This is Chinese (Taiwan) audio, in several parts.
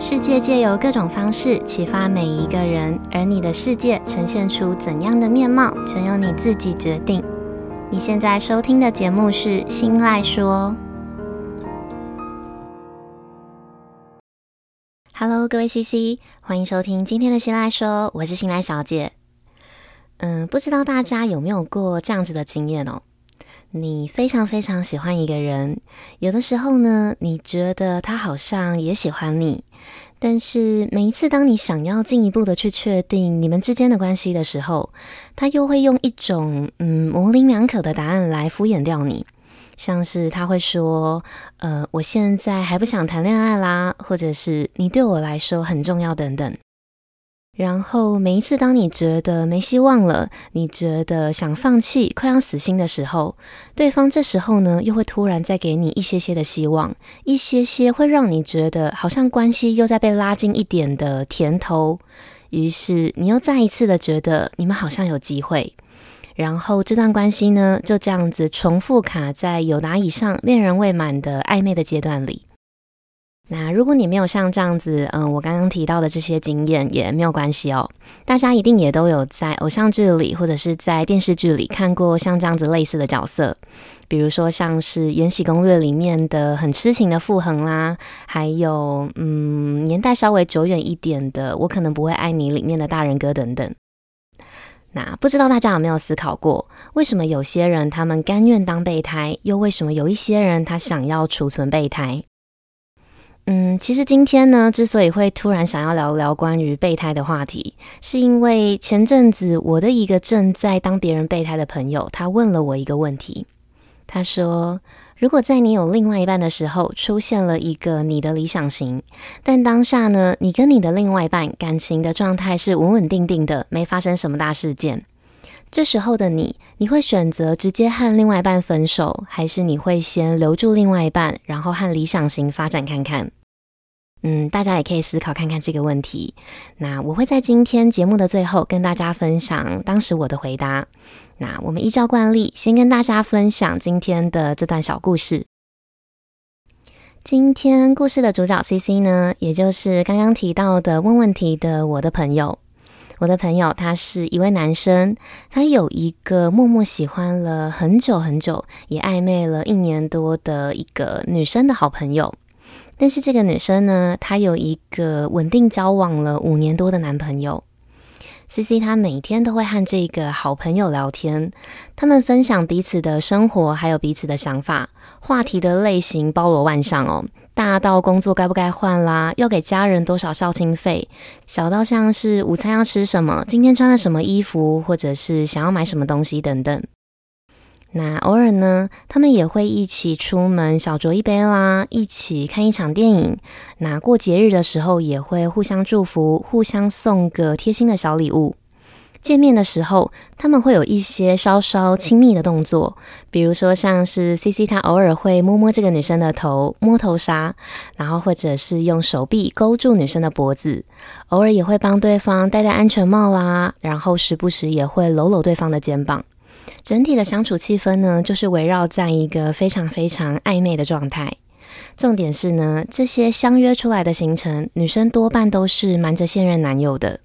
世界借由各種方式啟發每一個人，而你的世界呈現出怎樣的面貌，全由你自己決定。你現在收聽的節目是《心賴說》。Hello，各位 CC，歡迎收聽今天的《心賴說》，我是心賴小姐。嗯，不知道大家有沒有過這樣子的經驗哦？你非常非常喜歡一個人，有的時候呢，你覺得他好像也喜歡你，但是每一次當你想要進一步的去確定你們之間的關係的時候，他又會用一種，嗯，模稜兩可的答案來敷衍掉你，像是他會說，呃，我現在還不想談戀愛啦，或者是你對我來說很重要等等。然後每一次，當你覺得沒希望了，你覺得想放棄、快要死心的時候，對方這時候呢，又會突然再給你一些些的希望，一些些會讓你覺得好像關係又在被拉近一點的甜頭，於是你又再一次的覺得你們好像有機會，然後這段關係呢，就這樣子重複卡在友達以上戀人未滿的曖昧的階段裡。那如果你沒有像這樣子，嗯，我剛剛提到的這些經驗也沒有關係哦。大家一定也都有在偶像劇裡或者是在電視劇裡看過像這樣子類似的角色，比如說像是《延禧攻略》裡面的很痴情的傅恆啦，還有嗯年代稍微久遠一點的《我可能不會愛你》裡面的大仁哥等等。那不知道大家有沒有思考過，為什麼有些人他們甘願當備胎，又為什麼有一些人他想要儲存備胎？嗯，其實今天呢，之所以會突然想要聊聊關於備胎的話題，是因為前陣子我的一個正在當別人備胎的朋友，他問了我一個問題。他說：“如果在你有另外一半的時候，出現了一個你的理想型，但當下呢，你跟你的另外一半感情的狀態是穩穩定定的，沒發生什麼大事件，這時候的你，你會選擇直接和另外一半分手，還是你會先留住另外一半，然後和理想型發展看看？”嗯，大家也可以思考看看這個問題。那我會在今天節目的最後跟大家分享當時我的回答。那我們依照慣例，先跟大家分享今天的這段小故事。今天故事的主角 CC 呢，也就是剛剛提到的問問題的我的朋友。我的朋友他是一位男生，他有一個默默喜歡了很久很久，也曖昧了一年多的一個女生的好朋友。但是這個女生呢，她有一個穩定交往了五年多的男朋友，C C。CC、她每天都會和這個好朋友聊天，他們分享彼此的生活，還有彼此的想法，話題的類型包羅萬象哦，大到工作該不該換啦，要給家人多少孝親費；小到像是午餐要吃什麼，今天穿了什麼衣服，或者是想要買什麼東西等等。那偶爾呢，他們也會一起出門小酌一杯啦，一起看一場電影。那過節日的時候，也會互相祝福，互相送個貼心的小禮物。見面的時候，他們會有一些稍稍親密的動作，比如說像是 CC，他偶爾會摸摸這個女生的頭，摸頭殺，然後或者是用手臂勾住女生的脖子，偶爾也會幫對方戴戴安全帽啦，然後時不時也會摟摟對方的肩膀。整體的相處氣氛呢，就是圍繞在一個非常非常曖昧的狀態。重點是呢，這些相約出來的行程，女生多半都是瞞着現任男友的。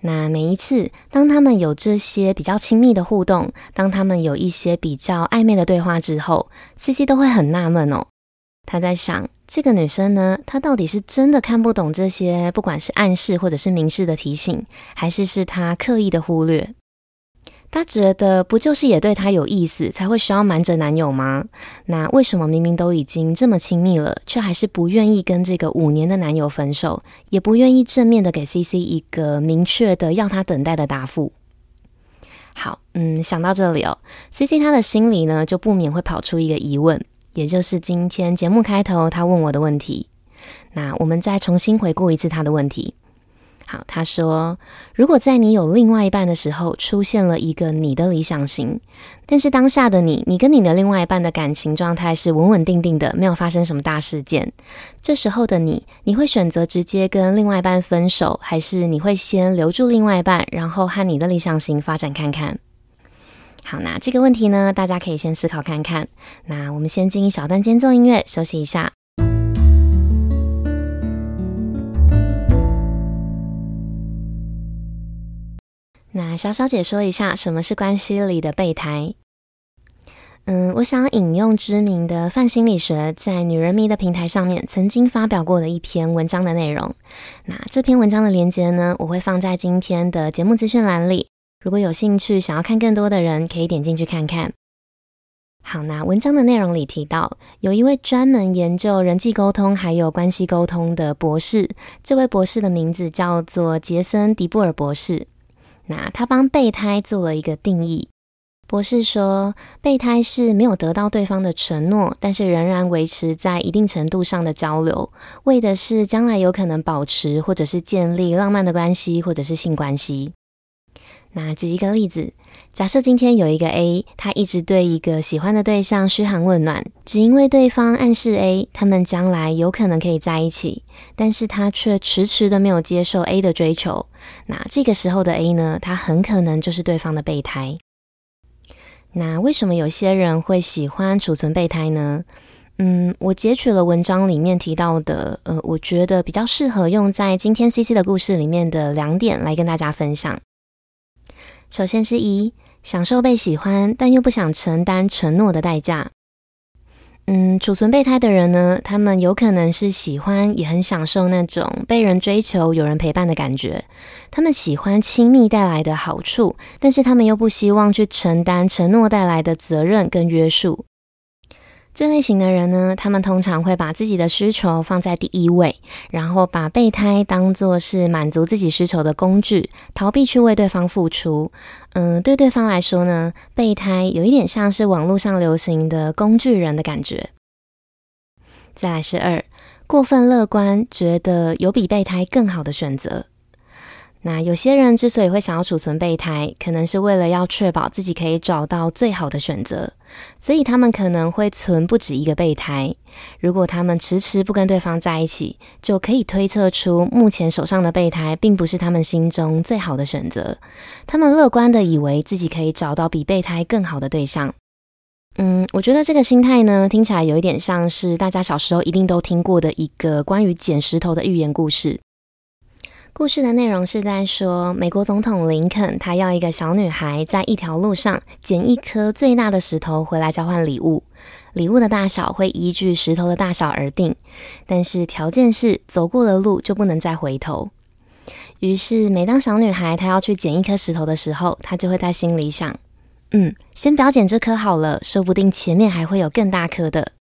那每一次當他們有這些比較親密的互動，當他們有一些比較曖昧的對話之後，司機都會很納悶哦。他在想，這個女生呢，她到底是真的看不懂這些，不管是暗示或者是明示的提醒，還是是她刻意的忽略？她覺得，不就是也對他有意思，才會需要瞞着男友嗎？那為什麼明明都已經這麼親密了，卻還是不願意跟這個五年的男友分手，也不願意正面的給 CC 一個明確的要他等待的答覆？好，嗯，想到這裡哦，CC 他的心裡呢就不免會跑出一個疑問，也就是今天節目開頭他問我的問題。那我們再重新回顧一次他的問題。好，他說，如果在你有另外一半的時候，出現了一個你的理想型，但是當下的你，你跟你的另外一半的感情狀態是穩穩定定的，沒有發生什麼大事件，這時候的你，你會選擇直接跟另外一半分手，還是你會先留住另外一半，然後和你的理想型發展看看？好，那這個問題呢，大家可以先思考看看。那我們先進一小段間奏音樂，休息一下。那小小解說一下，什麼是關係裡的備胎？嗯，我想引用知名的泛心理學在女人迷的平台上面曾經發表過的一篇文章的內容。那這篇文章的連結呢，我會放在今天的節目資訊欄裡。如果有興趣想要看更多的人，可以點進去看看。好，那文章的內容裡提到，有一位專門研究人際溝通還有關係溝通的博士，這位博士的名字叫做杰森·迪布爾博士。那他幫備胎做了一個定義。博士說，備胎是沒有得到對方的承諾，但是仍然維持在一定程度上的交流，為的是將來有可能保持或者是建立浪漫的關係或者是性關係。那舉一個例子。假設今天有一個 A，他一直對一個喜歡的對象噓寒問暖，只因為對方暗示 A 他們將來有可能可以在一起，但是他卻遲遲的沒有接受 A 的追求。那這個時候的 A 呢，他很可能就是對方的備胎。那為什麼有些人會喜歡儲存備胎呢？嗯，我截取了文章裡面提到的，呃，我覺得比較適合用在今天 CC 的故事裡面的兩點來跟大家分享。首先是一，享受被喜歡，但又不想承擔承諾的代價。嗯，儲存備胎的人呢，他們有可能是喜歡，也很享受那種被人追求、有人陪伴的感覺。他們喜歡親密帶來的好處，但是他們又不希望去承擔承諾帶來的責任跟約束。這類型的人呢，他們通常會把自己的需求放在第一位，然後把備胎當作是滿足自己需求的工具，逃避，去為對方付出。嗯，對對方來說呢，備胎有一點像是網絡上流行的工具人的感覺。再來是二，過分樂觀，覺得有比備胎更好的選擇。那有些人之所以會想要儲存備胎，可能是為了要確保自己可以找到最好的選擇，所以他們可能會存不止一個備胎。如果他們遲遲不跟對方在一起，就可以推測出目前手上的備胎並不是他們心中最好的選擇。他們樂觀地以為自己可以找到比備胎更好的對象。嗯，我覺得這個心態呢，聽起來有一點像是大家小時候一定都聽過的一個關於撿石頭的寓言故事。故事的內容是在說，美國總統林肯，他要一個小女孩在一條路上撿一顆最大的石頭回來交換禮物，禮物的大小會依據石頭的大小而定，但是條件是走過的路就不能再回頭。於是，每當小女孩她要去撿一顆石頭的時候，她就會在心裡想：嗯，先不要撿這顆好了，說不定前面還會有更大顆的。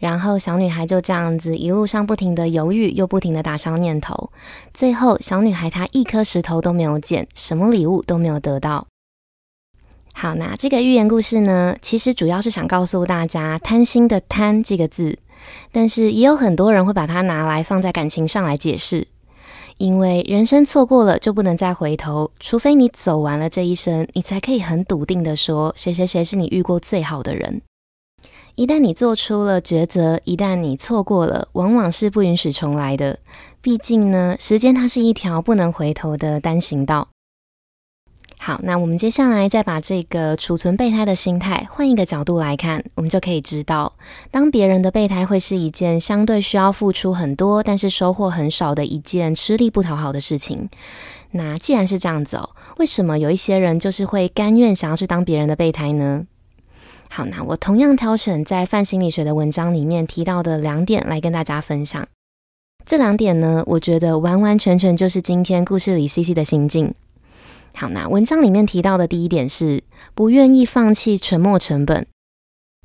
然後小女孩就這樣子一路上不停的猶豫，又不停的打消念頭。最後小女孩她一顆石頭都沒有撿，什麼禮物都沒有得到。好，那這個寓言故事呢，其實主要是想告訴大家“貪心”的“貪”這個字，但是也有很多人會把它拿來放在感情上來解釋，因為人生錯過了就不能再回頭，除非你走完了這一生，你才可以很篤定的說，誰誰誰是你遇過最好的人。一旦你做出了抉擇，一旦你錯過了，往往是不允許重來的。畢竟呢，時間它是一條不能回頭的單行道。好，那我們接下來再把這個儲存備胎的心態換一個角度來看，我們就可以知道，當別人的備胎會是一件相對需要付出很多，但是收穫很少的一件吃力不討好的事情。那既然是這樣子哦，為什麼有一些人就是會甘願想要去當別人的備胎呢？好，那我同樣挑選在泛心理學的文章裡面提到的兩點來跟大家分享。這兩點呢，我覺得完完全全就是今天故事裡 CC 的心境。好，那文章裡面提到的第一點是不願意放棄沉沒成本。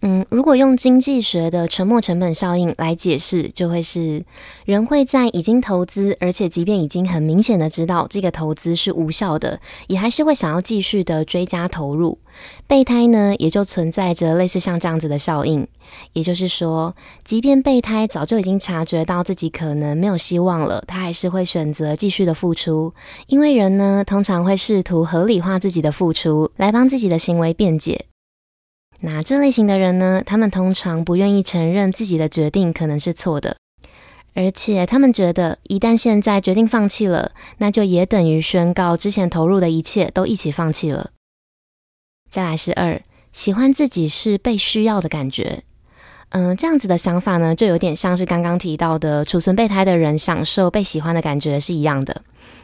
嗯，如果用經濟學的沉沒成本效應來解釋，就會是人會在已經投資，而且即便已經很明顯的知道這個投資是無效的，也還是會想要繼續的追加投入。備胎呢，也就存在着類似像這樣子的效應。也就是說，即便備胎早就已經察覺到自己可能沒有希望了，他還是會選擇繼續的付出，因為人呢，通常會試圖合理化自己的付出，來幫自己的行為辯解。那這類型的人呢，他們通常不願意承認自己的決定可能是錯的，而且他們覺得，一旦現在決定放棄了，那就也等於宣告之前投入的一切都一起放棄了。再來是二，喜歡自己是被需要的感覺。嗯、呃，這樣子的想法呢，就有點像是剛剛提到的儲存備胎的人享受被喜歡的感覺是一樣的。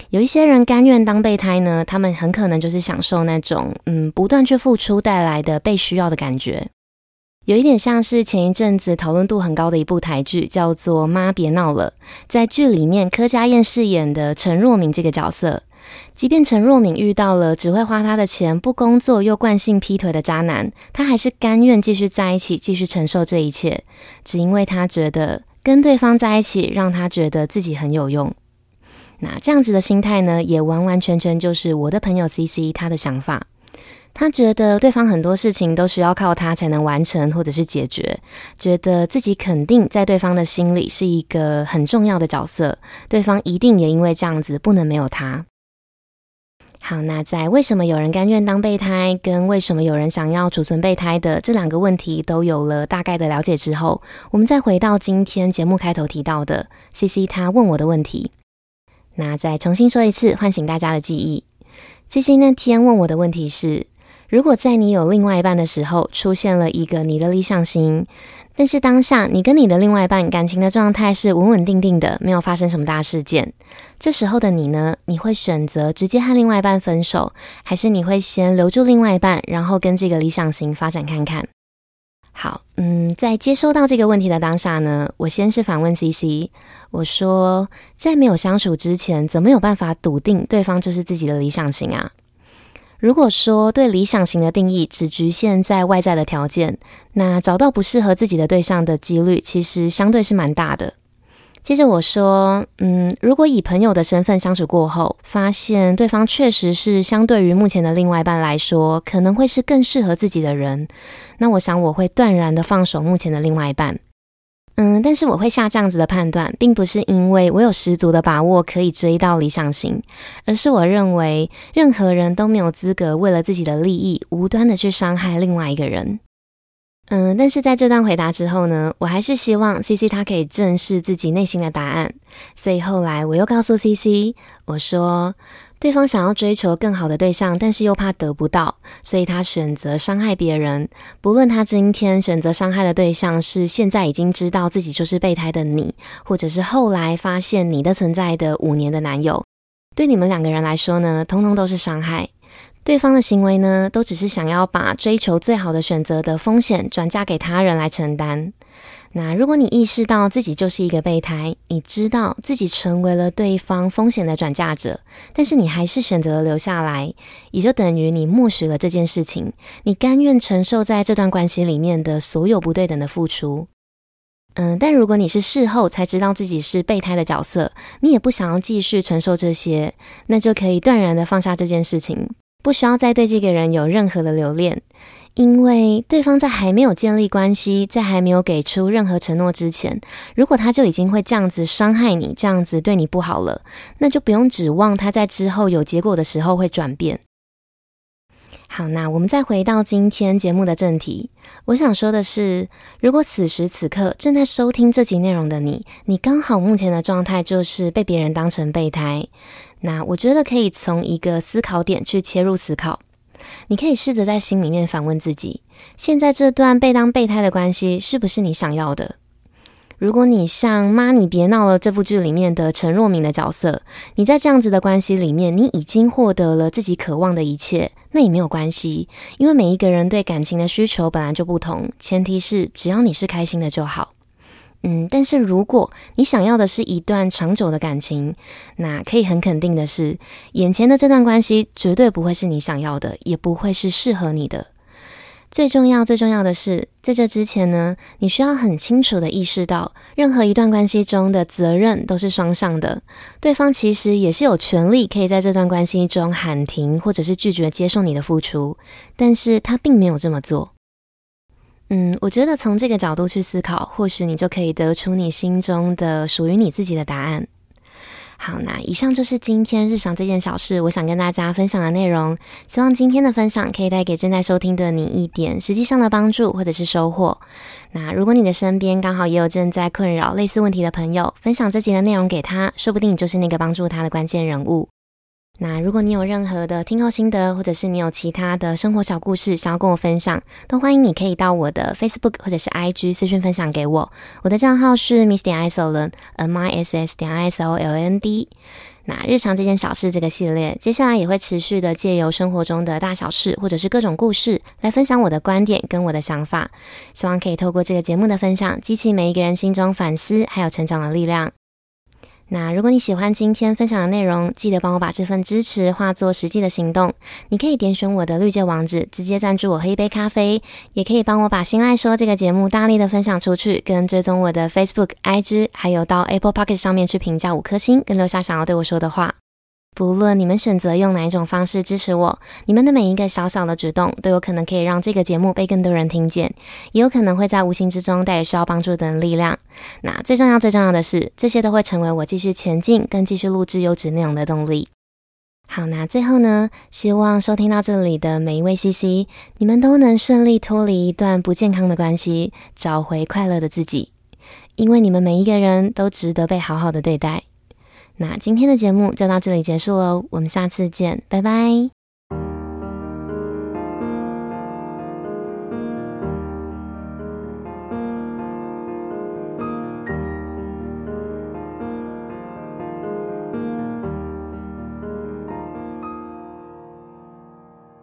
有一些人甘願當備胎呢，他們很可能就是享受那種嗯，不斷去付出帶來的被需要的感覺，有一點像是前一陣子討論度很高的一部台劇，叫做《媽別鬧了》。在劇裡面，柯佳嬿飾演的陳若敏這個角色，即便陳若敏遇到了只會花她的錢、不工作又慣性劈腿的渣男，她還是甘願繼續在一起，繼續承受這一切，只因為她覺得跟對方在一起，讓她覺得自己很有用。那這樣子的心態呢，也完完全全就是我的朋友 CC 他的想法。他覺得對方很多事情都需要靠他才能完成或者是解決，覺得自己肯定在對方的心裡是一個很重要的角色，對方一定也因為這樣子不能沒有他。好，那在為什麼有人甘願當備胎，跟為什麼有人想要儲存備胎的這兩個問題都有了大概的了解之後，我們再回到今天節目開頭提到的 CC 他問我的問題。那再重新說一次，喚醒大家的記憶。這些那天問我的問題是：如果在你有另外一半的時候，出現了一個你的理想型，但是當下你跟你的另外一半感情的狀態是穩穩定定的，沒有發生什麼大事件，這時候的你呢？你會選擇直接和另外一半分手，還是你會先留住另外一半，然後跟這個理想型發展看看？好，嗯，在接收到這個問題的當下呢，我先是反問 CC，我說，在沒有相處之前，怎麼有辦法篤定對方就是自己的理想型啊？如果說對理想型的定義只局限在外在的條件，那找到不適合自己的對象的幾率，其實相對是蠻大的。接着我說，嗯，如果以朋友的身份相處過後，發現對方確實是相對於目前的另外一半來說，可能會是更適合自己的人，那我想我會斷然的放手目前的另外一半。嗯，但是我會下這樣子的判斷，並不是因為我有十足的把握可以追到理想型，而是我認為任何人都沒有資格為了自己的利益，無端的去傷害另外一個人。嗯，但是在這段回答之後呢，我還是希望 CC 他可以正視自己內心的答案。所以後來我又告訴 CC，我說對方想要追求更好的對象，但是又怕得不到，所以他選擇傷害別人。不論他今天選擇傷害的對象是現在已經知道自己就是備胎的你，或者是後來發現你的存在的五年的男友，對你們兩個人來說呢，通通都是傷害。對方的行為呢，都只是想要把追求最好的選擇的風險轉嫁給他人來承擔。那如果你意識到自己就是一個備胎，你知道自己成為了對方風險的轉嫁者，但是你還是選擇了留下來，也就等於你默許了這件事情，你甘願承受在這段關係裡面的所有不對等的付出。嗯，但如果你是事後才知道自己是備胎的角色，你也不想要繼續承受這些，那就可以斷然的放下這件事情。不需要再對這個人有任何的留戀，因為對方在還沒有建立關係，在還沒有給出任何承諾之前，如果他就已經會這樣子傷害你、這樣子對你不好了，那就不用指望他在之後有結果的時候會轉變。好，那我們再回到今天節目的正題，我想說的是，如果此時此刻正在收聽這集內容的你，你剛好目前的狀態就是被別人當成備胎。那我覺得可以從一個思考點去切入思考，你可以試着在心裡面反問自己：現在這段被當備胎的關係是不是你想要的？如果你像《媽，你別鬧了》這部劇裡面的陳若敏的角色，你在這樣子的關係裡面，你已經獲得了自己渴望的一切，那也沒有關係，因為每一個人對感情的需求本來就不同，前提是只要你是開心的就好。嗯，但是如果你想要的是一段長久的感情，那可以很肯定的是，眼前的這段關係絕對不會是你想要的，也不會是適合你的。最重要、最重要的是，在這之前呢，你需要很清楚的意識到，任何一段關係中的責任都是雙向的，對方其實也是有權利可以在這段關係中喊停，或者是拒絕接受你的付出，但是他並沒有這麼做。嗯，我覺得從這個角度去思考，或許你就可以得出你心中的屬於你自己的答案。好，那以上就是今天日常這件小事，我想跟大家分享的內容。希望今天的分享可以帶給正在收聽的你一點實際上的幫助，或者是收穫。那如果你的身邊剛好也有正在困擾類似問題的朋友，分享這集的內容給他，說不定你就是那個幫助他的關鍵人物。那如果你有任何的聽後心得，或者是你有其他的生活小故事想要跟我分享，都歡迎你可以到我的 Facebook 或者是 IG 私訊分享給我。我的賬號是 miss 點 isoland，m i s s 點 i s o l a n d。那日常這件小事這個系列，接下來也會持續的借由生活中的大小事，或者是各種故事來分享我的觀點跟我的想法。希望可以透過這個節目的分享，激起每一個人心中反思還有成長的力量。那如果你喜歡今天分享的內容，記得幫我把這份支持化作實際的行動。你可以點選我的綠界網址，直接贊助我喝一杯咖啡；也可以幫我把心賴說這個節目大力的分享出去，跟追蹤我的 Facebook、IG，還有到 Apple Pocket 上面去評價五顆星，跟留下想要對我說的話。不論你們選擇用哪一種方式支持我，你們的每一個小小的舉動都有可能可以讓這個節目被更多人聽見，也有可能會在無形之中帶給需要幫助的力量。那最重要、最重要的是，這些都會成為我繼續前進跟繼續錄制優質內容的動力。好，那最後呢，希望收聽到這裡的每一位 CC，你們都能順利脫離一段不健康的關係，找回快樂的自己，因為你們每一個人都值得被好好的對待。那今天的節目就到這裡結束了哦，我們下次見，拜拜。